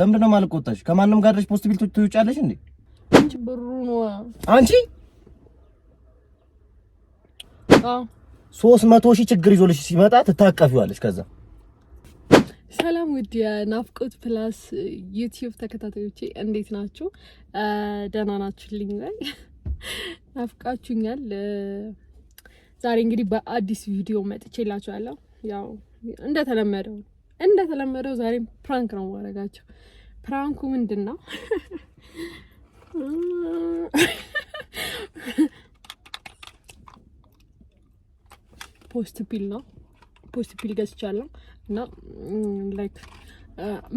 ለምንድን ነው የማልቆጣሽ? ከማንም ጋር ደሽ ፖስት ቢል ትውጫለሽ እንዴ? አንቺ ብሩ ነው አንቺ ሶስት መቶ ሺህ ችግር ይዞልሽ ሲመጣ ትታቀፊዋለሽ። ከዛ ሰላም ውድ የናፍቆት ፕላስ ዩቲዩብ ተከታታዮቼ እንዴት ናችሁ? ደህና ናችሁልኝ ወይ? ናፍቃችሁኛል። ዛሬ እንግዲህ በአዲስ ቪዲዮ መጥቼላችኋለሁ። ያው እንደተለመደው እንደተለመደው ዛሬም ፕራንክ ነው ማረጋቸው። ፕራንኩ ምንድን ነው? ፖስት ፒል ነው። ፖስት ፒል ገዝቻለሁ እና ላይክ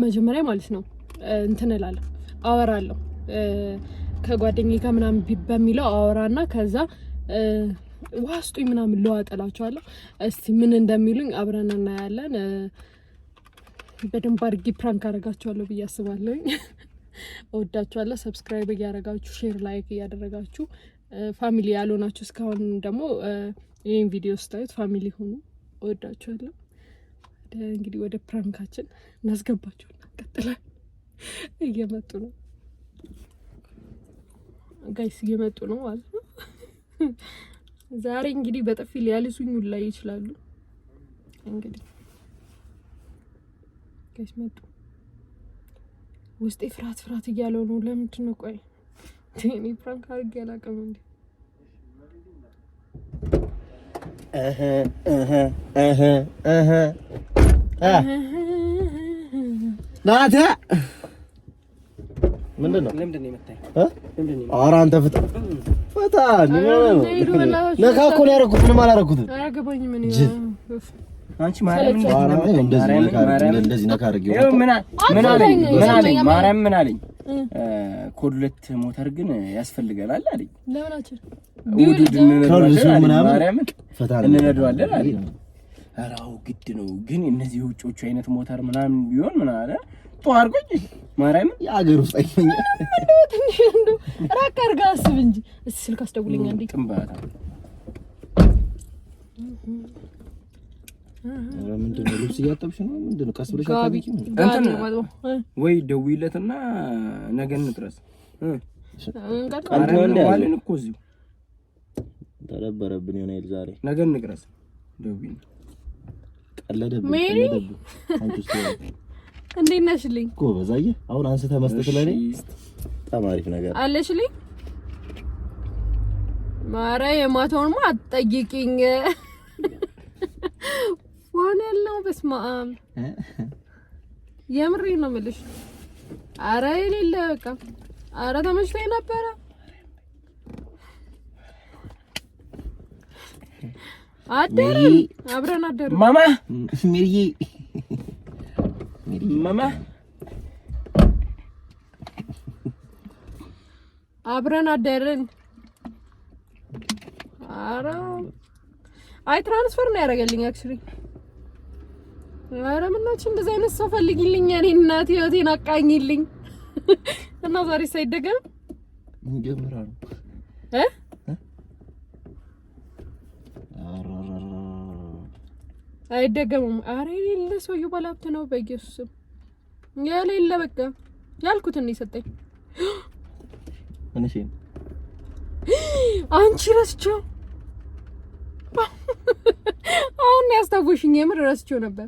መጀመሪያ ማለት ነው እንትን እላለሁ አወራለሁ ከጓደኛ ጋር ምናምን በሚለው እና ከዛ ዋስጡኝ ምናምን ለዋጠላቸዋለሁ። እስቲ ምን እንደሚሉኝ አብረን እናያለን። በደንብ አድርጌ ፕራንክ አረጋችኋለሁ ብዬ አስባለሁ። እወዳችኋለሁ። ሰብስክራይብ እያደረጋችሁ ሼር፣ ላይክ እያደረጋችሁ ፋሚሊ ያልሆናችሁ እስካሁን ደግሞ ይህን ቪዲዮ ስታዩት ፋሚሊ ሆኑ። እወዳችኋለሁ። እንግዲህ ወደ ፕራንካችን እናስገባችሁ ቀጥላል። እየመጡ ነው ጋይስ፣ እየመጡ ነው ማለት ነው። ዛሬ እንግዲህ በጥፊ ሊያልሱኝ ላይ ይችላሉ እንግዲህ ጋይስ መጡ። ውስጤ ፍርሃት ፍርሃት እያለው ነው። ለምንድን ነው ቆይ እኔ ፕራንክ አድርጌ አላውቅም እንዴ? ናተ ምንድን ነው ኧረ አንተ ፍታ ፍታ ነካ እኮ ነው ያደረኩት ምንም አላደረኩትም አንቺ ማርያም ምን አለኝ ምን ኮድ ሞተር ግን ያስፈልገናል አለኝ። እንነዳዋለን አለኝ። ኧረ አዎ ግድ ነው ግን እነዚህ የውጮቹ አይነት ሞተር ምናምን ቢሆን ምን አለ አድርጎኝ ማርያም የአገር ውስጥ ራቅ አድርገህ አስብ እንጂ። ስልክ አስደውለኛ እንዴ ምንድን ነው ልብስ እያጠብሽ ነው? ምንድን ነው ቀስ ብለሽ እንትን ወይ ደውይለትና ነገ እንድረስ ዋልን እኮ እዚሁ ተደበረብን የሆነ ይል ዛሬ ነገ እንድረስ ደውይል ቀለደብን እንዴት ነሽልኝ እኮ በዛዬ አሁን አንስተህ መስጠት ለእኔ በጣም አሪፍ ነገር አለሽልኝ ማረ የማታውንማ አትጠይቂኝ እየሆነ ያለው በስመ አብ የምሬ ነው የምልሽ። አረ የሌለ በቃ አረ ተመችቶኝ ነበረ። አደረን አብረን አደረን። ማማ ሚሪዬ ማማ አብረን አደረን። አረ አይ ትራንስፈር ነው ያደረገልኝ አክቹሊ ኧረ ምናችን እንደዚህ አይነት ሰው ፈልጊልኝ፣ እኔ እናቴ ህይወቴን አቃኝልኝ። እና ዛሬ ሳይደገም እንጀምራ ነው እ አይደገምም። ኧረ የሌለ ሰውዬው ባለሀብት ነው። በኢየሱስም የሌለ በቃ ያልኩትን ነው የሰጠኝ። አንቺ አንቺ ረስቼው አሁን ያስታወሽኝ። የምር ረስቼው ነበር።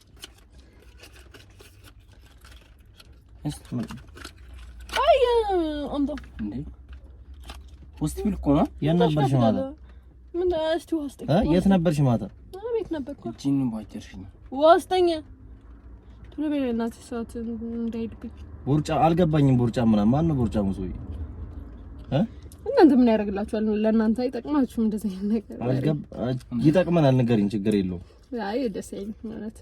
ሆስፒታል እኮ ነው ማታ። ምን እስቲ የት ነበርሽ ማታ? ቤት ነበርኩ። እጅን ቶሎ ሰዓት ቦርጫ አልገባኝም። ቦርጫ ምናምን ማነው ቦርጫ? እናንተ ምን ያደርግላችኋል? ለእናንተ አይጠቅማችሁም እንደዚህ ነገር። ይጠቅመናል፣ ንገሪኝ። ችግር የለውም። አይ ደስ አይልም ማለት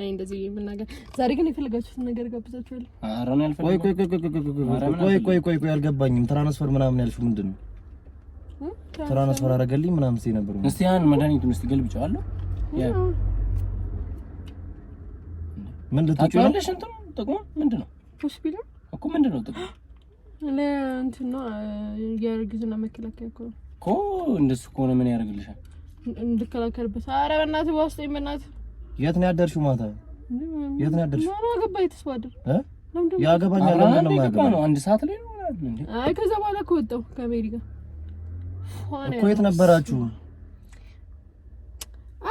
አይ እንደዚህ የምናገር ዛሬ ግን የፈለጋችሁትን ነገር ጋብዛችኋለሁ። ኧረ እኔ አልፈልግም። ቆይ ቆይ ቆይ ቆይ አልገባኝም። ትራንስፈር ምናምን ያልሽው ምንድን ነው? ትራንስፈር አደረገልኝ ምናምን ሲል ነበር። እስቲ ያን መድኃኒቱን እስቲ ገልብጨዋለሁ። ምን ልትጫለሽ? እንትኑ ጥቅሙ ምንድን ነው? ሆስፒታል እኮ ምንድን ነው ጥቅሙ? ለእንትን ነው የእርግዝና መከላከያ እኮ እኮ። እንደሱ ከሆነ ምን ያደርግልሻል? እንድከላከልበት። ኧረ በእናትህ በውስጤ በእናትህ የት ነው ያደርሽው? ማታ የት ነው ያደርሽው? ምን አገባኝ። ተስፋ ያገባኛል ለምን ነው አንድ ሰዓት ላይ ነው አይ ከዛ በኋላ እኮ ወጣሁ ከሜሪ ጋር እኮ። የት ነበራችሁ?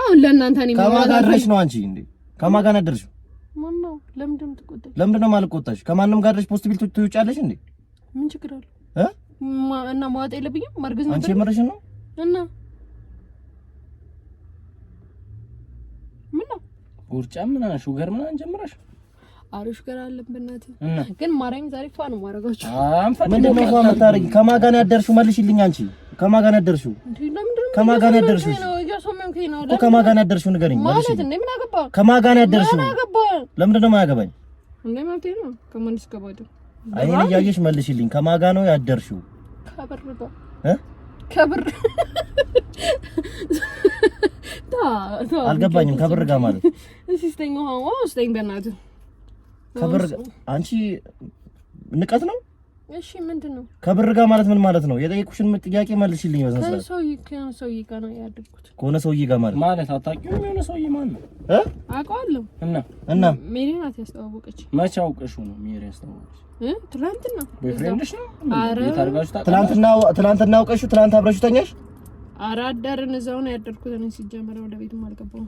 አሁን ለእናንተ እኔ ከማን ጋር አድረሽ ነው አንቺ? እንዴ ከማን ጋር አደርሽው? ማን ነው? ለምንድን ነው የምትቆጣሽ? ለምንድን ነው የማልቆጣሽ? ከማንም ጋር አድረሽ ፖስት ቢል ትውጫለሽ እንዴ? ምን ችግር አለው? እና ማወጣ የለብኝም ማርገዝ ነው። አንቺ ነው እና ጉርጫ ምናምን ሹገር ምናምን ጀምረሽ አሪፍ አለ አለብን። ግን ማርያም ዛሬ ፋ ነው ማረጋችሁ። ምንድን ነው ፋ የምታደርጊ? ከማን ጋር ያደርሽው? መልሽልኝ። አንቺ ከማን ጋር ነው ያደርሽው? ከማን ጋር ነው ያደርሽው? ከማን ጋር ያደርሽው? ንገሪኝ። ከማን ጋር ያደርሽው? ለምንድን ነው የማያገባኝ? አይኔን እያየሽ መልሽልኝ። ከማን ጋር ነው ያደርሽው? ከብር አልገባኝም። ከብር ጋር ማለት እሺ፣ ስጠኝ፣ ውሃ ስጠኝ፣ በእናትህ ከብር አንቺ ንቀት ነው። እሺ ምንድን ነው ከብር ጋር ማለት ምን ማለት ነው? የጠየቁሽን ጥያቄ መልሽልኝ። በዛን ሰዓት ሰውዬ ጋር ነው ያደረኩት። ከሆነ ሰውዬ ጋር ማለት ማለት አታውቂውም? የሆነ ሰውዬ ማለት እ አውቀዋለሁ እና እና ሜሪ ናት ያስተዋወቀች። መቼ አውቀሽው ነው ሜሪ ያስተዋወቀች? እ ቦይፍሬንድሽ ነው? አረ ትናንትና ትናንትና አውቀሽው ትናንት አብረሽው ተኛሽ አራት ዳርን እዛው ነው ያደርኩት። እኔ ሲጀመር ወደ ቤትም አልገባሁም።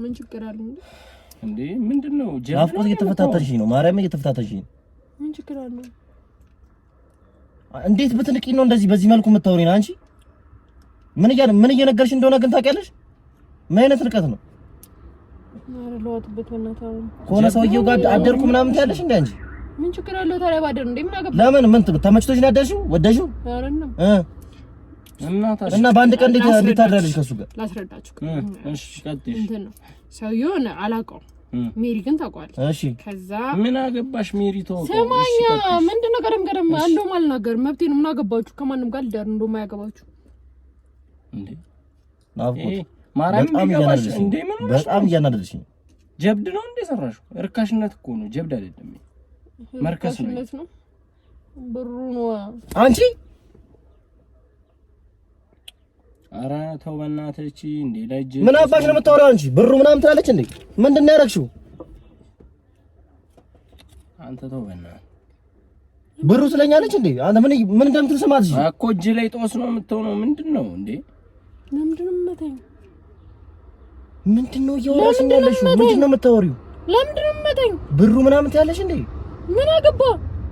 ምን ችግር አለ እንዴ? ምንድን ነው ናፍቆት እየተፈታተልሽኝ ነው። ማርያም እየተፈታተሽ ነው። ምን ችግር አለ? እንዴት ብትንቂ ነው እንደዚህ በዚህ መልኩ የምታወሪኝ? አንቺ ምን እያ ምን እየነገርሽ እንደሆነ ግን ታውቂያለሽ? ምን አይነት ርቀት ነው? ከሆነ ሰውዬው ጋር አደርኩ ምናምን ትያለሽ እንዴ አንቺ ምን ችግር አለው ታዲያ? ባደር እንዴ ምን አገባ? ለምን ምን ተመችቶሽ ነው ያደርሽው? ወደሽው? ኧረ ነው እ እና በአንድ ቀን እንዴት ታድራለች ከሱ ጋር? ላስረዳችሁ። እሺ ቀጥይ። እንትን ነው ሰውዬውን አላውቀውም፣ ሜሪ ግን ታውቀዋለች። እሺ ከዛ ምን አገባሽ ሜሪ? ተወው ስማኛ፣ ምንድነው ቀደም ቀደም እንደውም አልናገርም፣ መብቴ ነው። ምን አገባችሁ? ከማንም ጋር ልዳር እንደውም አያገባችሁ እንዴ። ናፍቆት ማራም ይገባሽ እንዴ? ምን በጣም እያናደደችኝ። ጀብድ ነው እንዴ ሰራሽው? እርካሽነት እኮ ነው ጀብድ አይደለም፣ መርከስ ነው። ብሩ ነው አንቺ ኧረ ተው በእናትህ። እቺ እንዴ ለእጅ ምን አባሽ ነው የምታወራው? አንቺ ብሩ ምናምን ትላለች እንዴ? ምንድን ነው ያደረግሽው? አንተ ተው በእናትህ። ብሩ ስለኛለች እንዴ? አንተ ምን ምን እንደምትል ስማት እኮ እጅ ላይ ጦስ ነው የምትሆነው። ምንድን ነው እንዴ? ለምንድን ነው የምትተኛው? ምንድን ነው እያወራሽ ያለሽው? ምንድን ነው የምታወሪው? ለምንድን ነው የምትተኛው? ብሩ ምናምን ትያለሽ እንዴ? ምን አገባ?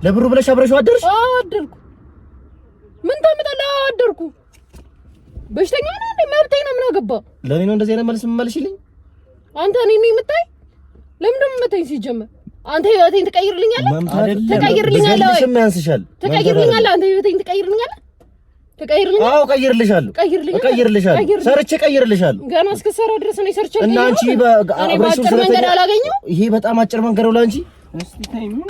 ለብሩ ብለሽ አብረሽው አደርሽ? አዎ አደርኩ። ምን ታመጣለህ? አደርኩ በሽተኛ ነህ እንዴ? መብቴ ነው። ምን አገባ? ለኔ ነው እንደዚህ አይነት መልስ የምመልሽልኝ? አንተ እኔ ነው የምታይ? ለምን ደሞ መታኝ? ሲጀመር አንተ ህይወቴን ትቀይርልኛለህ? ትቀይርልኛለህ ትቀይርልኛለህ? አንተ ህይወቴን ትቀይርልኛለህ? ገና ድረስ ነው በአብረሽ አላገኘው። ይሄ በጣም አጭር መንገድ ነው ለአንቺ።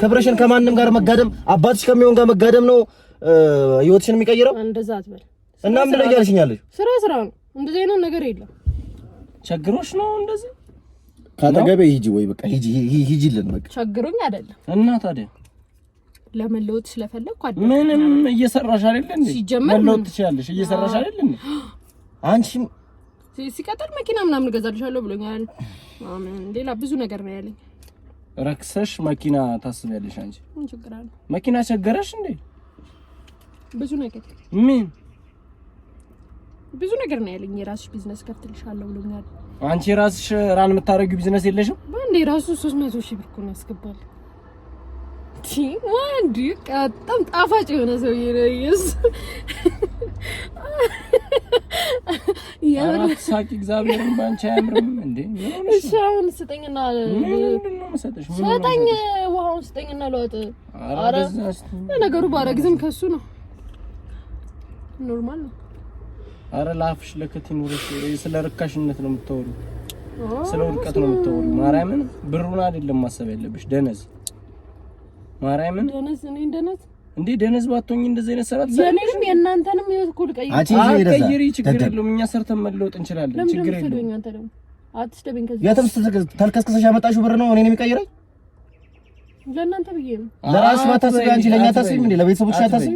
ክብርሽን ከማንም ጋር መጋደም አባትሽ ከሚሆን ጋር መጋደም ነው ህይወትሽን የሚቀይረው። እንደዛ አትበል እና ምን እያልሽኝ አለሽ? ስራ ስራ ነው። እንደዚህ አይነት ነገር የለም። ቸግሮሽ ነው እንደዚህ ካጠገቤ ሂጂ ወይ በቃ ሂጂ ሂጂልን። በቃ ቸግሮኝ አይደለም። እና ታዲያ ለመለወጥ ስለፈለኩ አይደለም። ምንም እየሰራሽ አይደል እንዴ? ሲጀመር መለወጥ ትችያለሽ። እየሰራሽ አይደል እንዴ? አንቺ ሲቀጥል መኪና ምናምን እገዛልሻለሁ ብሎኛል። አሜን። ሌላ ብዙ ነገር ነው ያለኝ። ረክሰሽ መኪና ታስቢያለሽ አንቺ። ምን ችግር አለ? መኪና ቸገረሽ እንዴ? ብዙ ነገር ምን ብዙ ነገር ነው ያለኝ። የራስሽ ቢዝነስ ከፍትልሻለሁ ብሎኛል። አንቺ የራስሽ ራን የምታደርጊው ቢዝነስ የለሽም? በአንዴ የራሱ 300 ሺህ ብር እኮ ነው ያስገባል። ወንድ በጣም ጣፋጭ የሆነ ሰውዬ ነው። ኢየሱስ ሳቂ እግዚአብሔርን ባንቺ አያምርም እንዴ? እሺ አሁን ስጠኝና ስጠኝ፣ ውሃውን ስጠኝና ለዋጥ። ኧረ ነገሩ ባረግዝም ከሱ ነው ኖርማል ነው አረ ላፍሽ ለከት ይኑርሽ። ስለ ርካሽነት ነው የምታወሪው፣ ስለ ውድቀት ነው የምታወሪው። ማርያምን ብሩን አይደለም ማሰብ ያለብሽ፣ ደነዝ ማርያምን፣ ደነዝ እኔ ደነዝ እንዴ ደነዝ ባትሆኝ እንደዚህ አይነት ሰራት የኔንም የእናንተንም ህይወት እኮ ቀይሪ ችግር የለውም እኛ ሰርተን መለወጥ እንችላለን። ችግር የለውም። የትም ተልከስከሰሽ ያመጣሽው ብር ነው እኔን የሚቀይረኝ? ለእናንተ ብዬ ነው። ለራስሽ ባታስቢ አንቺ ለእኛ ታስቢ እንዴ? ለቤተሰቦችሽ አታስቢ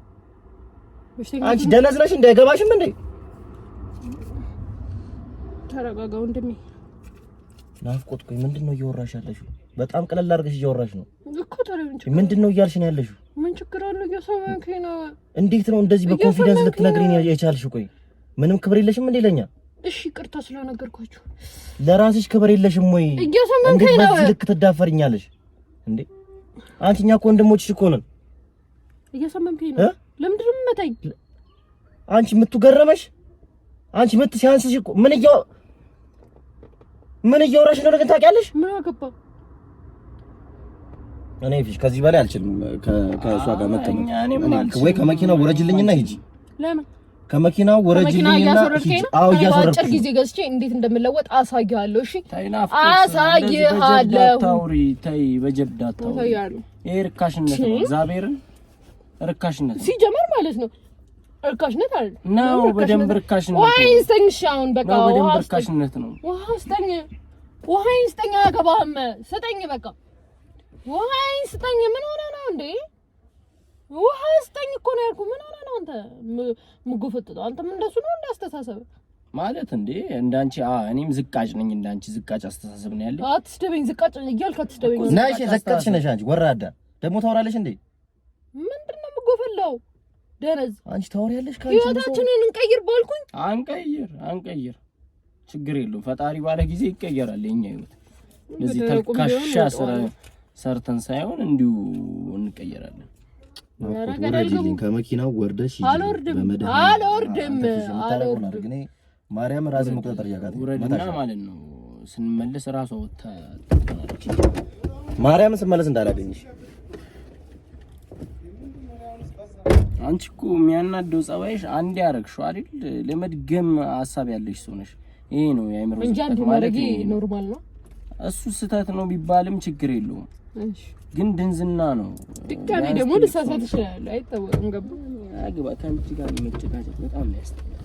አንቺ ደነዝ ነሽ እንደ አይገባሽም እንዴ? ተረጋጋ ወንድሜ። ናፍቆትኩኝ። ቆይ፣ ምንድን ነው እያወራሽ ያለሽው? በጣም ቀለል አድርገሽ እያወራሽ ነው እኮ። ምንድን ነው እያልሽ ነው ያለሽው? ምን ችግር አለ? እየሰማኝ ነው። እንዴት ነው እንደዚህ በኮንፊደንስ ልትነግሪኝ የቻልሽ? ቆይ ምንም ክብር የለሽም እንዴ ለኛ? እሺ ቅርታ ስለነገርኳችሁ። ለራስሽ ክብር የለሽም ወይ? እንዴት በዚህ ልክ ትዳፈርኛለሽ እንዴ? አንቺ እኛ እኮ ወንድሞችሽ እኮ ነን። እየሰማኝ ነው ለምንድን ነው የምመታኝ? አንቺ ምቱ ገረመሽ? አንቺ ምት ሲያንስሽ እኮ ምን እያው ምን እያወራሽ እንደሆነ ግን ታውቂያለሽ? ምን አገባ? እኔ ፊሽ ከዚህ በላይ አልችልም ከእሷ ጋር መቀመጥ። ወይ ከመኪናው ወረጅልኝና ሂጂ። ለምን ከመኪናው ወረጅልኝና ሂጂ። አዎ እያሰረኩ አጭር ጊዜ ገዝቼ እንዴት እንደምለወጥ አሳይሃለሁ። እሺ አሳይሃለሁ። ተይ በጀብዳ ታውሪ። ይሄ ርካሽነት ነው እግዚአብሔርን ርካሽነት ሲጀመር ማለት ነው። እርካሽነት አለ ነው፣ በደንብ እርካሽነት። ውሃ ይስጠኝ። እሺ አሁን በቃ ውሃ እርካሽነት ነው። ውሃ ይስጠኝ፣ ውሃ ይስጠኝ። አያገባህም፣ ስጠኝ። በቃ ውሃ ይስጠኝ። ምን ሆነ ነው እንዴ? ውሃ ስጠኝ እኮ ነው ያልኩህ። ምን ሆነህ ነው አንተ አንተ ምን እንደሱ ነው እንዳስተሳሰብ ማለት እንዴ እንዳንቺ እኔም ዝቃጭ ነኝ፣ እንዳንቺ ዝቃጭ አስተሳሰብ ነው ያለኝ። አትስደበኝ፣ ዝቃጭ ነኝ እያልክ አትስደበኝ። ነሽ ዘቀጥሽ ነሽ አንቺ ወራዳ። ደግሞ ታወራለሽ እንዴ? ምን ፈላው። ደነዝ አንቺ ታወሪያለሽ። ህይወታችንን እንቀይር ባልኩኝ አንቀይር አንቀይር፣ ችግር የለውም ፈጣሪ ባለ ጊዜ ይቀየራል የኛ ህይወት። ለዚህ ተልካሻ ስራ ሰርተን ሳይሆን እንዲሁ እንቀየራለን። ከመኪናው ወርደሽ አልወርድም አልወርድም አልወርድም። ማርያም ራስ መቆጣጠር ያጋት ወረድና ማለት ነው። ስንመለስ ራሷ ወታ ማርያም ስንመለስ እንዳላገኝሽ አንቺ እኮ የሚያናደው ጸባይሽ አንድ ያረግሽው አይደል? ለመድገም ሀሳብ ያለሽ ሰው ነሽ። ይሄ ነው የአእምሮ ማለት ኖርማል ነው። እሱ ስህተት ነው ቢባልም ችግር የለውም ግን ድንዝና ነው። ድጋሜ ደግሞ ልሳሳት ይችላል፣ አይታወቅም። ገባ አግባ ከአንቺ ጋር መጨቃጨቅ በጣም ያስጠላል።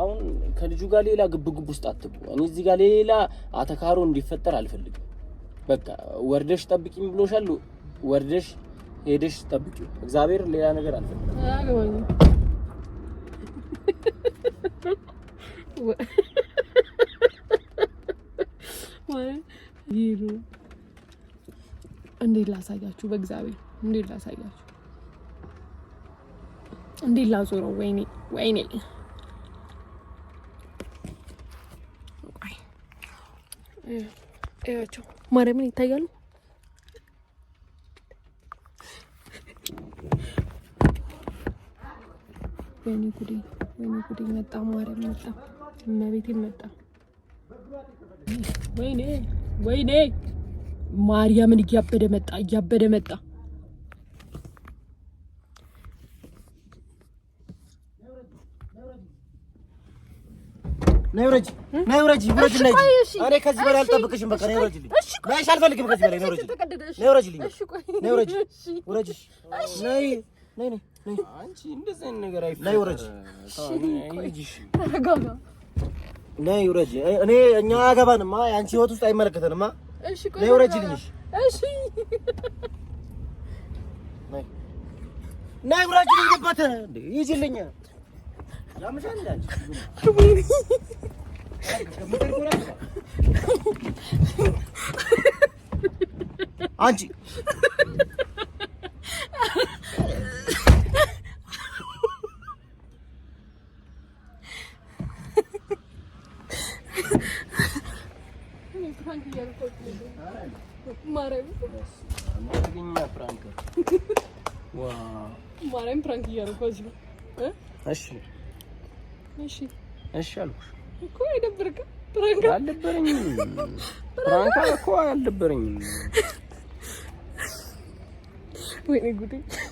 አሁን ከልጁ ጋር ሌላ ግብግብ ውስጥ አትቡ። እኔ እዚህ ጋር ሌላ አተካሮ እንዲፈጠር አልፈልግም። በቃ ወርደሽ ጠብቂኝ ብሎሻል። ወርደሽ ሄደሽ ጠብቂው። እግዚአብሔር ሌላ ነገር አልፈልግም። እንዴት ላሳያችሁ? በእግዚአብሔር እንዴት ላሳያችሁ? እንዴት ላዞረው? ወይኔ ወይኔ ማርያምን ይታያሉ። ወይኔ ጉዴ፣ ወይኔ ጉዴ! መጣ፣ ማርያም መጣ፣ እመቤቴ መጣ። ወይኔ፣ ወይኔ! ማርያምን እያበደ መጣ፣ እያበደ መጣ። ነይ ውረጂ፣ ነይ ውረጂ፣ ውረጂ። እኔ ከዚህ በላይ አልጠብቅሽም። በቃ ነይ ውረጂልኝ። ነይ፣ እሺ፣ አልፈልግም ከዚህ በላይ። ነይ ውረጂልኝ፣ ነይ ውረጂልኝ፣ ነይ ውረጂ፣ ውረጂ፣ ነይ ነይ ነይ ውረጅ። እኔ እኛ አያገባንማ፣ የአንቺ ህይወት ውስጥ አይመለከተንማ። እሺ ነይ ውረጅ። ልጅ እሺ ነይ ውረጅ። ልንገባት እንዴ ያምሻል አንቺ ማርያም ፕራንክ እያደረኩት ነው። እሺ እሺ እሺ አልኩሽ እኮ አይደብርም። ፕራንክ አልደበረኝም። ፕራንክ እኮ አልደበረኝም። Ой, не гудить.